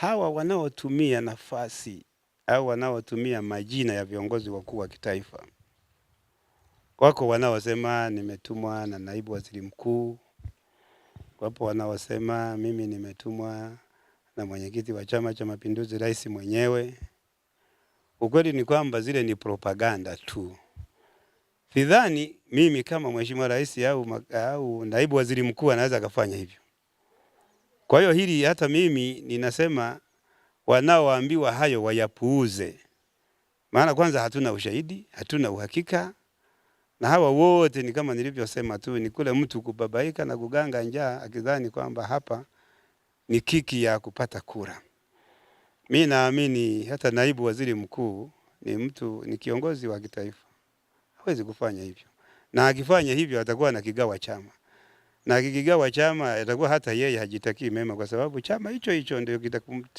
hawa wanaotumia nafasi au wanaotumia majina ya viongozi wakuu wa kitaifa, wako wanaosema nimetumwa na naibu waziri mkuu, wapo wanaosema mimi nimetumwa na mwenyekiti wa Chama cha Mapinduzi, rais mwenyewe. Ukweli ni kwamba zile ni propaganda tu. Sidhani mimi kama mheshimiwa rais au, au naibu waziri mkuu anaweza akafanya hivyo. Kwa hiyo hili hata mimi ninasema wanaoambiwa hayo wayapuuze, maana kwanza hatuna ushahidi, hatuna uhakika, na hawa wote ni kama nilivyosema tu, ni kule mtu kubabaika na kuganga njaa akidhani kwamba hapa ni kiki ya kupata kura. Mi naamini hata naibu waziri mkuu ni mtu, ni kiongozi wa kitaifa, hawezi kufanya hivyo, na akifanya hivyo atakuwa na kigawa chama na akikigawa chama itakuwa hata yeye hajitakii mema, kwa sababu chama hicho hicho ndio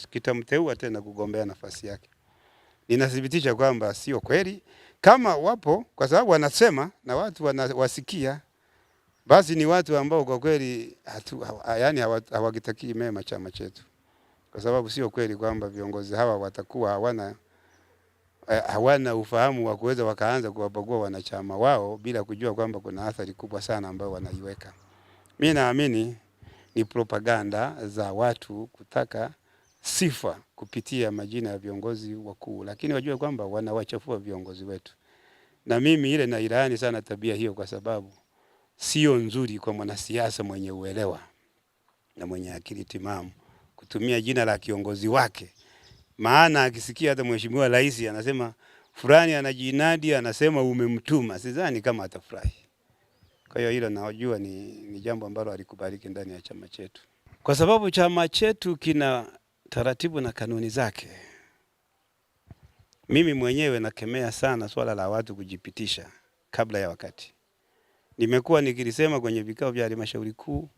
kitamteua tena kugombea nafasi yake. Ninathibitisha kwamba sio kweli, kama wapo, kwa sababu wanasema na watu wanawasikia, basi ni watu ambao kwa kweli hatu, yani hawakitaki mema chama chetu, kwa sababu sio kweli kwamba viongozi hawa watakuwa hawana eh, hawana ufahamu wa kuweza wakaanza kuwapagua wanachama wao bila kujua kwamba kuna athari kubwa sana ambayo wanaiweka mi naamini ni propaganda za watu kutaka sifa kupitia majina ya viongozi wakuu, lakini wajue kwamba wanawachafua viongozi wetu, na mimi ile nailaani sana tabia hiyo, kwa sababu sio nzuri kwa mwanasiasa mwenye uelewa na mwenye akili timamu kutumia jina la kiongozi wake. Maana akisikia hata mheshimiwa rais anasema fulani anajinadi, anasema umemtuma, sidhani kama atafurahi. Kwa hiyo hilo najua ni, ni jambo ambalo alikubaliki ndani ya chama chetu, kwa sababu chama chetu kina taratibu na kanuni zake. Mimi mwenyewe nakemea sana swala la watu kujipitisha kabla ya wakati. Nimekuwa nikilisema kwenye vikao vya halmashauri kuu,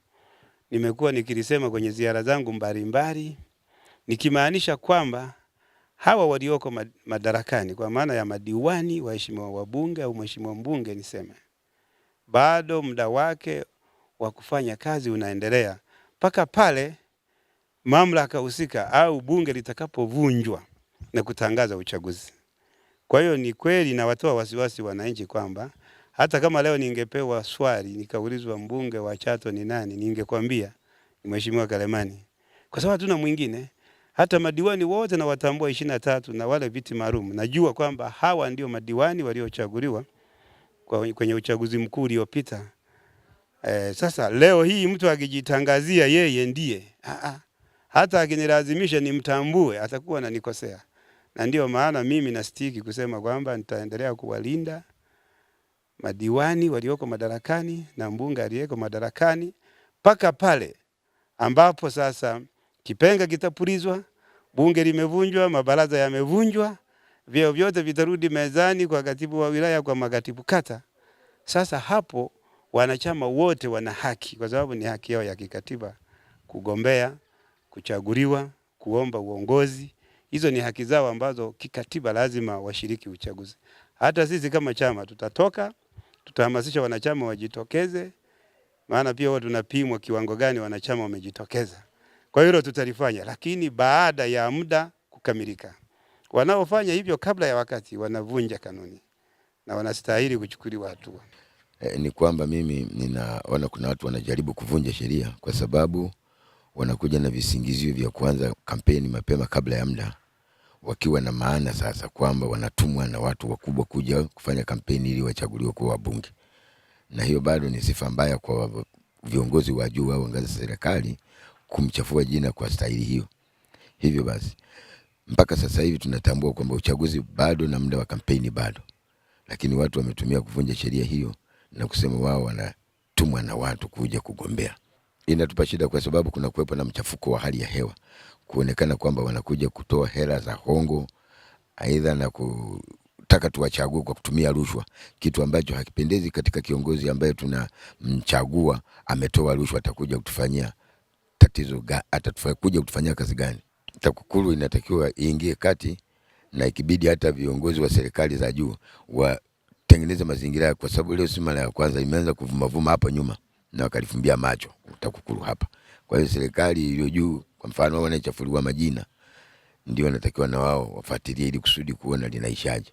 nimekuwa nikilisema kwenye ziara zangu mbalimbali, nikimaanisha kwamba hawa walioko madarakani kwa maana ya madiwani, waheshimiwa wabunge au mheshimiwa mbunge niseme bado muda wake wa kufanya kazi unaendelea mpaka pale mamlaka husika au bunge litakapovunjwa na kutangaza uchaguzi. Kwa hiyo ni kweli na watoa wasiwasi wananchi kwamba hata kama leo ningepewa swali nikaulizwa mbunge wa Chato ni nani, ningekwambia ni Mheshimiwa Kalemani, kwa sababu hatuna mwingine. Hata madiwani wote na watambua ishirini na tatu na wale viti maalum, najua kwamba hawa ndio madiwani waliochaguliwa kwenye uchaguzi mkuu uliopita. Eh, sasa leo hii mtu akijitangazia yeye ndiye Aa, ah, ah. hata akinilazimisha nimtambue atakuwa ananikosea, na ndiyo maana mimi nastiki kusema kwamba nitaendelea kuwalinda madiwani walioko madarakani na mbunge aliyeko madarakani mpaka pale ambapo sasa kipenga kitapulizwa, bunge limevunjwa, mabaraza yamevunjwa vyeo vyote vitarudi mezani kwa katibu wa wilaya, kwa makatibu kata. Sasa hapo wanachama wote wana haki, kwa sababu ni haki yao ya kikatiba kugombea, kuchaguliwa, kuomba uongozi. Hizo ni haki zao ambazo kikatiba lazima washiriki uchaguzi. Hata sisi kama chama tutatoka, tutahamasisha wanachama wajitokeze, maana pia wao tunapimwa kiwango gani wanachama wamejitokeza. Kwa hilo tutalifanya, lakini baada ya muda kukamilika. Wanaofanya hivyo kabla ya wakati wanavunja kanuni na wanastahili kuchukuliwa hatua. E, ni kwamba mimi ninaona kuna watu wanajaribu kuvunja sheria kwa sababu wanakuja na visingizio vya kuanza kampeni mapema kabla ya muda, wakiwa na maana sasa kwamba wanatumwa na watu wakubwa kuja kufanya kampeni ili wachaguliwe kuwa wabunge, na hiyo bado ni sifa mbaya kwa viongozi wa juu au ngazi za serikali kumchafua jina kwa staili hiyo. Hivyo basi mpaka sasa hivi tunatambua kwamba uchaguzi bado na muda wa kampeni bado, lakini watu wametumia kuvunja sheria hiyo na kusema wao wanatumwa na watu kuja kugombea. Inatupa shida kwa sababu kuna kuwepo na mchafuko wa hali ya hewa, kuonekana kwamba wanakuja kutoa hela za hongo, aidha na kutaka tuwachague kwa kutumia rushwa, kitu ambacho hakipendezi katika kiongozi ambaye tunamchagua ametoa rushwa. Atakuja kutufanyia tatizo, atatukuja kutufanyia kazi gani? TAKUKURU inatakiwa iingie kati na ikibidi hata viongozi wa serikali za juu watengeneze mazingira, kwa sababu leo si mara ya kwanza, imeanza kuvumavuma hapa nyuma na wakalifumbia macho TAKUKURU hapa. Kwa hiyo serikali iliyo juu, kwa mfano wanaichafuliwa majina, ndio wanatakiwa na wao wafuatilie, ili kusudi kuona linaishaje.